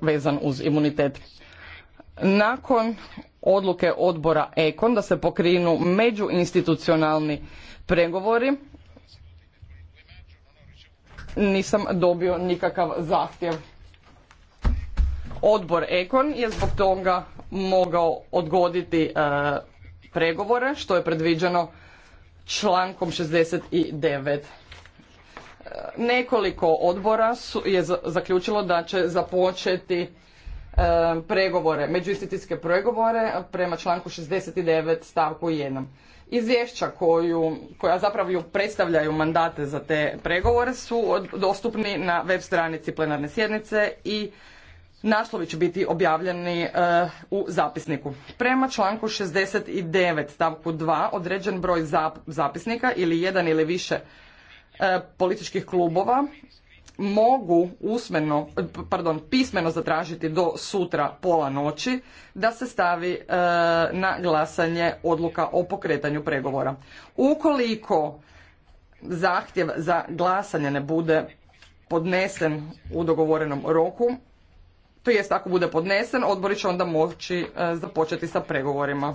vezan uz imunitet. Nakon odluke odbora Ekon da se pokrinu međuinstitucionalni pregovori, nisam dobio nikakav zahtjev. Odbor Ekon je zbog toga mogao odgoditi e, pregovore što je predviđeno člankom 69. Nekoliko odbora je zaključilo da će započeti e, pregovore, međuinstitucijske pregovore prema članku 69 stavku 1. Izvješća koju, koja zapravo predstavljaju mandate za te pregovore su dostupni na web stranici plenarne sjednice i naslovi će biti objavljeni e, u zapisniku. Prema članku 69 stavku 2 određen broj zapisnika ili jedan ili više E, političkih klubova mogu usmeno, pardon, pismeno zatražiti do sutra pola noći da se stavi e, na glasanje odluka o pokretanju pregovora. Ukoliko zahtjev za glasanje ne bude podnesen u dogovorenom roku, to jest ako bude podnesen, odbori će onda moći e, započeti sa pregovorima.